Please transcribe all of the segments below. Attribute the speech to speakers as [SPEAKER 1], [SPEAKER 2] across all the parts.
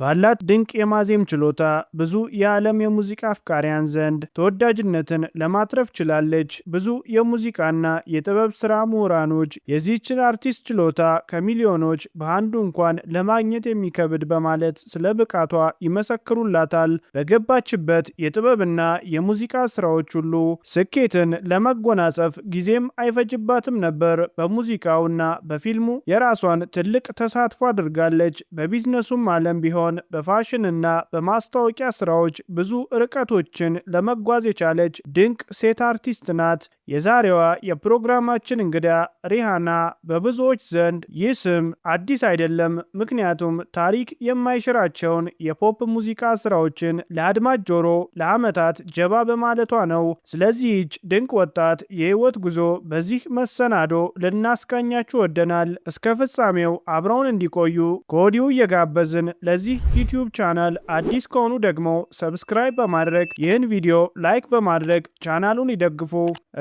[SPEAKER 1] ባላት ድንቅ የማዜም ችሎታ ብዙ የዓለም የሙዚቃ አፍቃሪያን ዘንድ ተወዳጅነትን ለማትረፍ ችላለች። ብዙ የሙዚቃና የጥበብ ሥራ ምሁራኖች የዚህችን አርቲስት ችሎታ ከሚሊዮኖች በአንዱ እንኳን ለማግኘት የሚከብድ በማለት ስለ ብቃቷ ይመሰክሩላታል። በገባችበት የጥበብና የሙዚቃ ሥራዎች ሁሉ ስኬትን ለመጎናጸፍ ጊዜም አይፈጅባትም ነበር። በሙዚቃውና በፊልሙ የራሷን ትልቅ ተሳትፎ አድርጋለች። በቢዝነሱም ዓለም ቢሆን ሲሆን በፋሽንና በማስታወቂያ ስራዎች ብዙ ርቀቶችን ለመጓዝ የቻለች ድንቅ ሴት አርቲስት ናት። የዛሬዋ የፕሮግራማችን እንግዳ ሪሃና በብዙዎች ዘንድ ይህ ስም አዲስ አይደለም፣ ምክንያቱም ታሪክ የማይሽራቸውን የፖፕ ሙዚቃ ስራዎችን ለአድማጭ ጆሮ ለዓመታት ጀባ በማለቷ ነው። ስለዚህች ድንቅ ወጣት የህይወት ጉዞ በዚህ መሰናዶ ልናስቃኛችሁ ወደናል። እስከ ፍጻሜው አብረውን እንዲቆዩ ከወዲሁ እየጋበዝን ለዚህ ለዚህ ዩቲዩብ ቻናል አዲስ ከሆኑ ደግሞ ሰብስክራይብ በማድረግ ይህን ቪዲዮ ላይክ በማድረግ ቻናሉን ይደግፉ።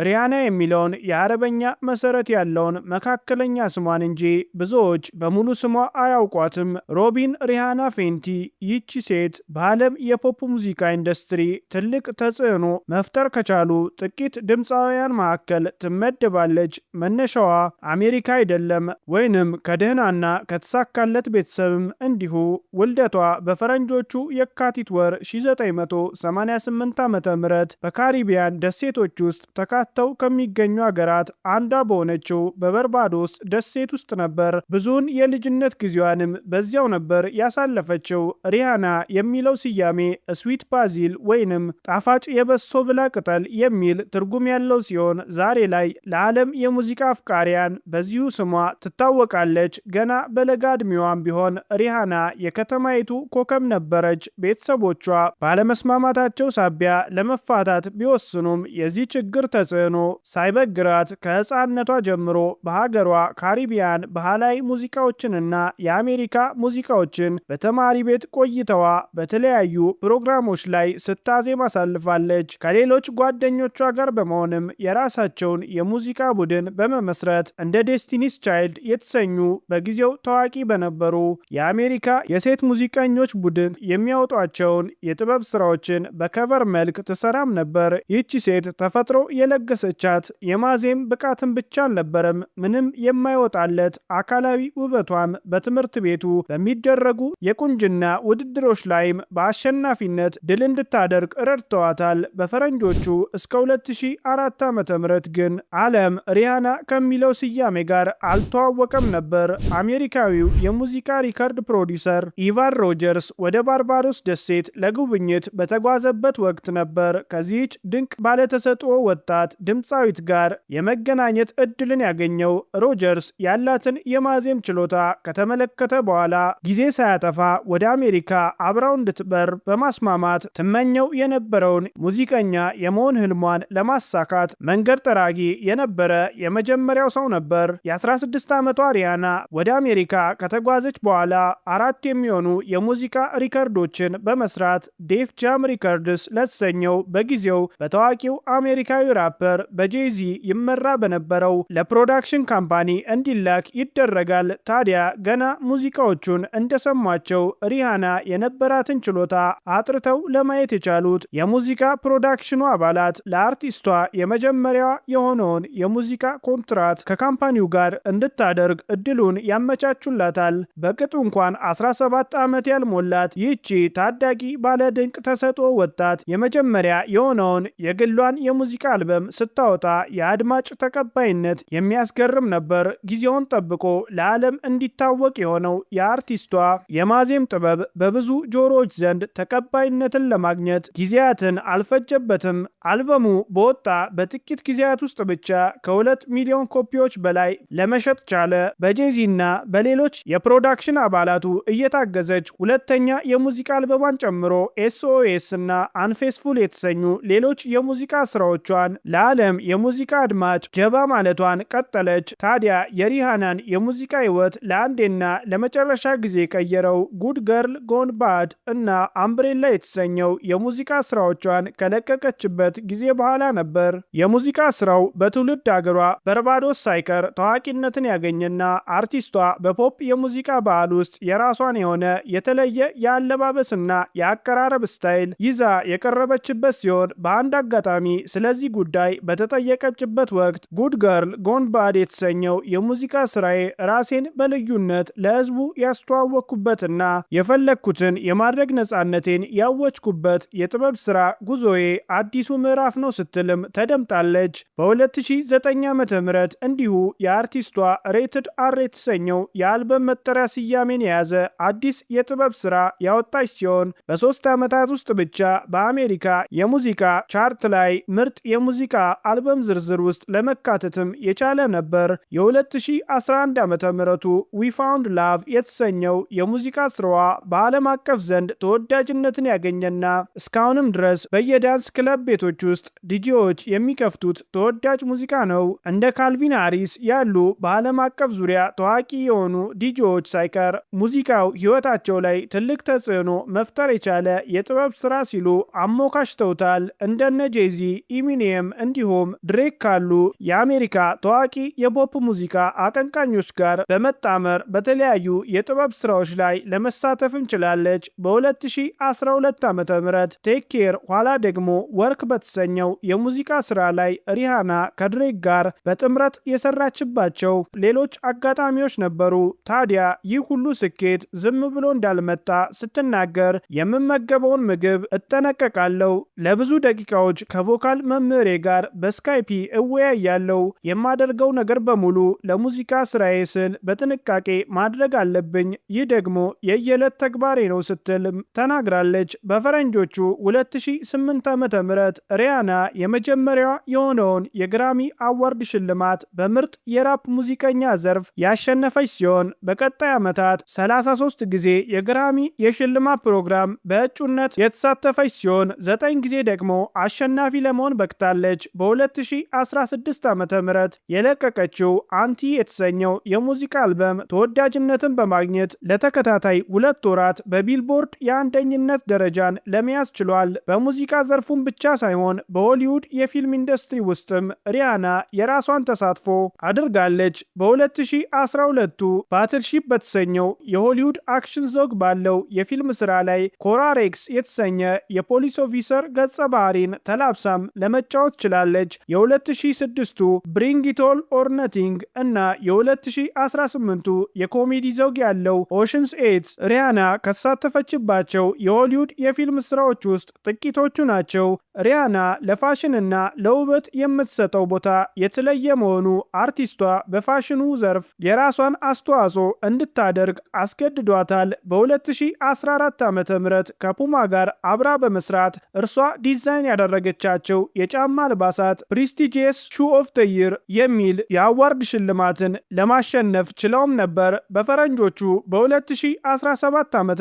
[SPEAKER 1] ሪያና የሚለውን የአረበኛ መሰረት ያለውን መካከለኛ ስሟን እንጂ ብዙዎች በሙሉ ስሟ አያውቋትም። ሮቢን ሪያና ፌንቲ ይቺ ሴት በዓለም የፖፕ ሙዚቃ ኢንዱስትሪ ትልቅ ተጽዕኖ መፍጠር ከቻሉ ጥቂት ድምፃውያን መካከል ትመደባለች። መነሻዋ አሜሪካ አይደለም ወይንም ከደህናና ከተሳካለት ቤተሰብም እንዲሁ ውልደ ልደቷ በፈረንጆቹ የካቲት ወር 1988 ዓ ም በካሪቢያን ደሴቶች ውስጥ ተካተው ከሚገኙ አገራት አንዷ በሆነችው በበርባዶስ ደሴት ውስጥ ነበር። ብዙውን የልጅነት ጊዜዋንም በዚያው ነበር ያሳለፈችው። ሪሃና የሚለው ስያሜ ስዊት ባዚል ወይንም ጣፋጭ የበሶ ብላ ቅጠል የሚል ትርጉም ያለው ሲሆን ዛሬ ላይ ለዓለም የሙዚቃ አፍቃሪያን በዚሁ ስሟ ትታወቃለች። ገና በለጋ ዕድሜዋም ቢሆን ሪሃና የከተማ ከተማይቱ ኮከብ ነበረች። ቤተሰቦቿ ባለመስማማታቸው ሳቢያ ለመፋታት ቢወስኑም የዚህ ችግር ተጽዕኖ ሳይበግራት ከህፃንነቷ ጀምሮ በሀገሯ ካሪቢያን ባህላዊ ሙዚቃዎችንና የአሜሪካ ሙዚቃዎችን በተማሪ ቤት ቆይተዋ በተለያዩ ፕሮግራሞች ላይ ስታዜም አሳልፋለች። ከሌሎች ጓደኞቿ ጋር በመሆንም የራሳቸውን የሙዚቃ ቡድን በመመስረት እንደ ዴስቲኒስ ቻይልድ የተሰኙ በጊዜው ታዋቂ በነበሩ የአሜሪካ የሴት ሙዚ የሙዚቀኞች ቡድን የሚያወጧቸውን የጥበብ ስራዎችን በከቨር መልክ ትሰራም ነበር። ይህቺ ሴት ተፈጥሮ የለገሰቻት የማዜም ብቃትን ብቻ አልነበረም፣ ምንም የማይወጣለት አካላዊ ውበቷም በትምህርት ቤቱ በሚደረጉ የቁንጅና ውድድሮች ላይም በአሸናፊነት ድል እንድታደርግ ረድተዋታል። በፈረንጆቹ እስከ 2004 ዓ.ም ግን ዓለም ሪያና ከሚለው ስያሜ ጋር አልተዋወቀም ነበር። አሜሪካዊው የሙዚቃ ሪከርድ ፕሮዲውሰር ኢቫን ሮጀርስ ወደ ባርባሮስ ደሴት ለጉብኝት በተጓዘበት ወቅት ነበር ከዚህች ድንቅ ባለተሰጥኦ ወጣት ድምፃዊት ጋር የመገናኘት እድልን ያገኘው። ሮጀርስ ያላትን የማዜም ችሎታ ከተመለከተ በኋላ ጊዜ ሳያጠፋ ወደ አሜሪካ አብራው እንድትበር በማስማማት ትመኘው የነበረውን ሙዚቀኛ የመሆን ህልሟን ለማሳካት መንገድ ጠራጊ የነበረ የመጀመሪያው ሰው ነበር። የ16 ዓመቷ አሪያና ወደ አሜሪካ ከተጓዘች በኋላ አራት የሚሆኑ የሙዚቃ ሪከርዶችን በመስራት ዴፍ ጃም ሪከርድስ ለተሰኘው በጊዜው በታዋቂው አሜሪካዊ ራፐር በጄዚ ይመራ በነበረው ለፕሮዳክሽን ካምፓኒ እንዲላክ ይደረጋል። ታዲያ ገና ሙዚቃዎቹን እንደሰሟቸው ሪሃና የነበራትን ችሎታ አጥርተው ለማየት የቻሉት የሙዚቃ ፕሮዳክሽኑ አባላት ለአርቲስቷ የመጀመሪያ የሆነውን የሙዚቃ ኮንትራት ከካምፓኒው ጋር እንድታደርግ እድሉን ያመቻቹላታል። በቅጡ እንኳን 17 ዓመት ዓመት ያልሞላት ይህቺ ታዳጊ ባለ ድንቅ ተሰጥኦ ወጣት የመጀመሪያ የሆነውን የግሏን የሙዚቃ አልበም ስታወጣ የአድማጭ ተቀባይነት የሚያስገርም ነበር። ጊዜውን ጠብቆ ለዓለም እንዲታወቅ የሆነው የአርቲስቷ የማዜም ጥበብ በብዙ ጆሮዎች ዘንድ ተቀባይነትን ለማግኘት ጊዜያትን አልፈጀበትም። አልበሙ በወጣ በጥቂት ጊዜያት ውስጥ ብቻ ከሁለት ሚሊዮን ኮፒዎች በላይ ለመሸጥ ቻለ። በጄዚና በሌሎች የፕሮዳክሽን አባላቱ እየታገዘ አዘጋጀች። ሁለተኛ የሙዚቃ አልበሟን ጨምሮ ኤስኦኤስ እና አንፌስፉል የተሰኙ ሌሎች የሙዚቃ ስራዎቿን ለዓለም የሙዚቃ አድማጭ ጀባ ማለቷን ቀጠለች። ታዲያ የሪሃናን የሙዚቃ ህይወት ለአንዴና ለመጨረሻ ጊዜ የቀየረው ጉድ ገርል ጎን ባድ እና አምብሬላ የተሰኘው የሙዚቃ ስራዎቿን ከለቀቀችበት ጊዜ በኋላ ነበር። የሙዚቃ ስራው በትውልድ አገሯ በርባዶስ ሳይቀር ታዋቂነትን ያገኘና አርቲስቷ በፖፕ የሙዚቃ በዓል ውስጥ የራሷን የሆነ የተለየ የአለባበስና የአቀራረብ ስታይል ይዛ የቀረበችበት ሲሆን በአንድ አጋጣሚ ስለዚህ ጉዳይ በተጠየቀችበት ወቅት ጉድ ገርል ጎን ባድ የተሰኘው የሙዚቃ ስራዬ ራሴን በልዩነት ለህዝቡ ያስተዋወቅኩበትና የፈለግኩትን የማድረግ ነፃነቴን ያወጅኩበት የጥበብ ስራ ጉዞዬ አዲሱ ምዕራፍ ነው ስትልም ተደምጣለች። በ2009 ዓ ም እንዲሁ የአርቲስቷ ሬትድ አር የተሰኘው የአልበም መጠሪያ ስያሜን የያዘ አዲስ የጥበብ ስራ ያወጣች ሲሆን በሶስት ዓመታት ውስጥ ብቻ በአሜሪካ የሙዚቃ ቻርት ላይ ምርጥ የሙዚቃ አልበም ዝርዝር ውስጥ ለመካተትም የቻለ ነበር። የ2011 ዓ ምቱ ዊ ፋውንድ ላቭ የተሰኘው የሙዚቃ ስራዋ በዓለም አቀፍ ዘንድ ተወዳጅነትን ያገኘና እስካሁንም ድረስ በየዳንስ ክለብ ቤቶች ውስጥ ዲጂዎች የሚከፍቱት ተወዳጅ ሙዚቃ ነው። እንደ ካልቪን ሃሪስ ያሉ በዓለም አቀፍ ዙሪያ ታዋቂ የሆኑ ዲጂዎች ሳይቀር ሙዚቃው ህይወታቸው በስራቸው ላይ ትልቅ ተጽዕኖ መፍጠር የቻለ የጥበብ ስራ ሲሉ አሞካሽተውታል። እንደነ ጄዚ፣ ኢሚኒየም እንዲሁም ድሬክ ካሉ የአሜሪካ ታዋቂ የፖፕ ሙዚቃ አቀንቃኞች ጋር በመጣመር በተለያዩ የጥበብ ስራዎች ላይ ለመሳተፍ እንችላለች በ በ2012 ዓ ም ቴክ ኬር ኋላ ደግሞ ወርክ በተሰኘው የሙዚቃ ስራ ላይ ሪሃና ከድሬክ ጋር በጥምረት የሰራችባቸው ሌሎች አጋጣሚዎች ነበሩ። ታዲያ ይህ ሁሉ ስኬት ዝም ብሎ እንዳልመጣ ስትናገር የምመገበውን ምግብ እጠነቀቃለሁ። ለብዙ ደቂቃዎች ከቮካል መምህሬ ጋር በስካይፒ እወያያለሁ። የማደርገው ነገር በሙሉ ለሙዚቃ ስራዬ ስል በጥንቃቄ ማድረግ አለብኝ። ይህ ደግሞ የየዕለት ተግባሬ ነው ስትልም ተናግራለች። በፈረንጆቹ 2008 ዓ.ም ሪያና የመጀመሪያ የሆነውን የግራሚ አዋርድ ሽልማት በምርጥ የራፕ ሙዚቀኛ ዘርፍ ያሸነፈች ሲሆን በቀጣይ ዓመታት 33 ጊዜ የግራሚ የሽልማት ፕሮግራም በእጩነት የተሳተፈች ሲሆን ዘጠኝ ጊዜ ደግሞ አሸናፊ ለመሆን በቅታለች። በ2016 ዓ ም የለቀቀችው አንቲ የተሰኘው የሙዚቃ አልበም ተወዳጅነትን በማግኘት ለተከታታይ ሁለት ወራት በቢልቦርድ የአንደኝነት ደረጃን ለመያዝ ችሏል። በሙዚቃ ዘርፉም ብቻ ሳይሆን በሆሊውድ የፊልም ኢንዱስትሪ ውስጥም ሪያና የራሷን ተሳትፎ አድርጋለች። በ2012ቱ ባትልሺፕ በተሰኘው የሆሊውድ አክሽን ሄርዞግ ባለው የፊልም ስራ ላይ ኮራሬክስ የተሰኘ የፖሊስ ኦፊሰር ገጸ ባህሪን ተላብሳም ለመጫወት ችላለች። የ2006ቱ ብሪንጊቶል ኦርነቲንግ እና የ2018ቱ የኮሜዲ ዘውግ ያለው ኦሽንስ ኤት ሪያና ከተሳተፈችባቸው የሆሊውድ የፊልም ስራዎች ውስጥ ጥቂቶቹ ናቸው። ሪያና ለፋሽንና ለውበት የምትሰጠው ቦታ የተለየ መሆኑ አርቲስቷ በፋሽኑ ዘርፍ የራሷን አስተዋጽኦ እንድታደርግ አስገድዷታል። በ2014 ዓ ም ከፑማ ጋር አብራ በመስራት እርሷ ዲዛይን ያደረገቻቸው የጫማ አልባሳት ፕሪስቲጂየስ ሹ ኦፍ ተይር የሚል የአዋርድ ሽልማትን ለማሸነፍ ችለውም ነበር። በፈረንጆቹ በ2017 ዓ ም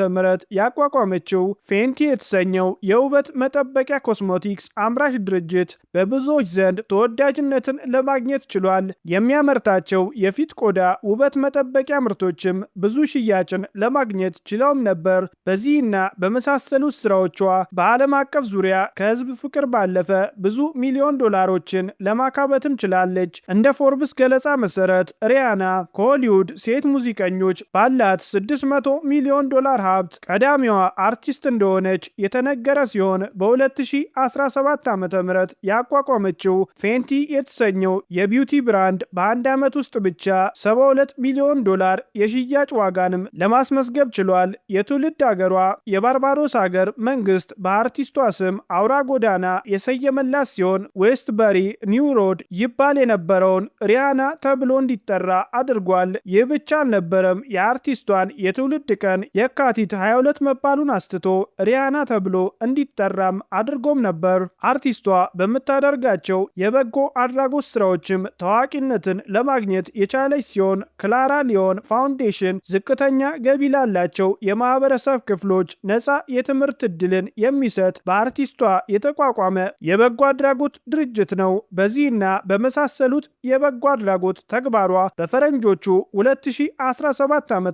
[SPEAKER 1] ያቋቋመችው ፌንቲ የተሰኘው የውበት መጠበቂያ ኮስሞቲክስ አምራች ድርጅት በብዙዎች ዘንድ ተወዳጅነትን ለማግኘት ችሏል። የሚያመርታቸው የፊት ቆዳ ውበት መጠበቂያ ምርቶችም ብዙ ሽያጭን ለማግኘት ማግኘት ችለውም ነበር። በዚህና በመሳሰሉት ስራዎቿ በዓለም አቀፍ ዙሪያ ከህዝብ ፍቅር ባለፈ ብዙ ሚሊዮን ዶላሮችን ለማካበትም ችላለች። እንደ ፎርብስ ገለጻ መሰረት ሪያና ከሆሊውድ ሴት ሙዚቀኞች ባላት 600 ሚሊዮን ዶላር ሀብት ቀዳሚዋ አርቲስት እንደሆነች የተነገረ ሲሆን በ2017 ዓ ም ያቋቋመችው ፌንቲ የተሰኘው የቢዩቲ ብራንድ በአንድ ዓመት ውስጥ ብቻ 72 ሚሊዮን ዶላር የሽያጭ ዋጋንም ለማስመዝገብ ችሏል። የትውልድ አገሯ የባርባሮስ አገር መንግስት በአርቲስቷ ስም አውራ ጎዳና የሰየመላት ሲሆን ዌስት በሪ ኒው ሮድ ይባል የነበረውን ሪያና ተብሎ እንዲጠራ አድርጓል። ይህ ብቻ አልነበረም። የአርቲስቷን የትውልድ ቀን የካቲት 22 መባሉን አስትቶ ሪያና ተብሎ እንዲጠራም አድርጎም ነበር። አርቲስቷ በምታደርጋቸው የበጎ አድራጎት ስራዎችም ታዋቂነትን ለማግኘት የቻለች ሲሆን ክላራ ሊዮን ፋውንዴሽን ዝቅተኛ ገቢ ላላቸው ላቸው የማህበረሰብ ክፍሎች ነፃ የትምህርት እድልን የሚሰጥ በአርቲስቷ የተቋቋመ የበጎ አድራጎት ድርጅት ነው። በዚህና በመሳሰሉት የበጎ አድራጎት ተግባሯ በፈረንጆቹ 2017 ዓ ም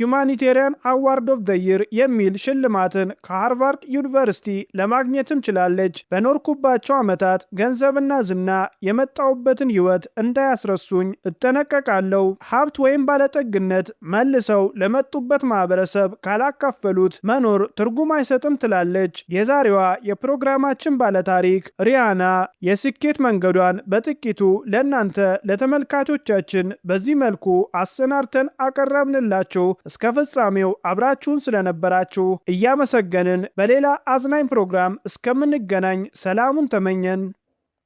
[SPEAKER 1] ሁማኒቴሪያን አዋርድ ኦፍ ዘ ይር የሚል ሽልማትን ከሃርቫርድ ዩኒቨርሲቲ ለማግኘትም ችላለች። በኖርኩባቸው ዓመታት ገንዘብና ዝና የመጣውበትን ህይወት እንዳያስረሱኝ እጠነቀቃለሁ። ሀብት ወይም ባለጠግነት መልሰው ለመጡበት ማህበረሰብ ካላካፈሉት መኖር ትርጉም አይሰጥም ትላለች የዛሬዋ የፕሮግራማችን ባለታሪክ ሪያና የስኬት መንገዷን በጥቂቱ ለእናንተ ለተመልካቾቻችን በዚህ መልኩ አሰናርተን አቀረብንላችሁ። እስከ ፍጻሜው አብራችሁን ስለነበራችሁ እያመሰገንን በሌላ አዝናኝ ፕሮግራም እስከምንገናኝ ሰላሙን ተመኘን።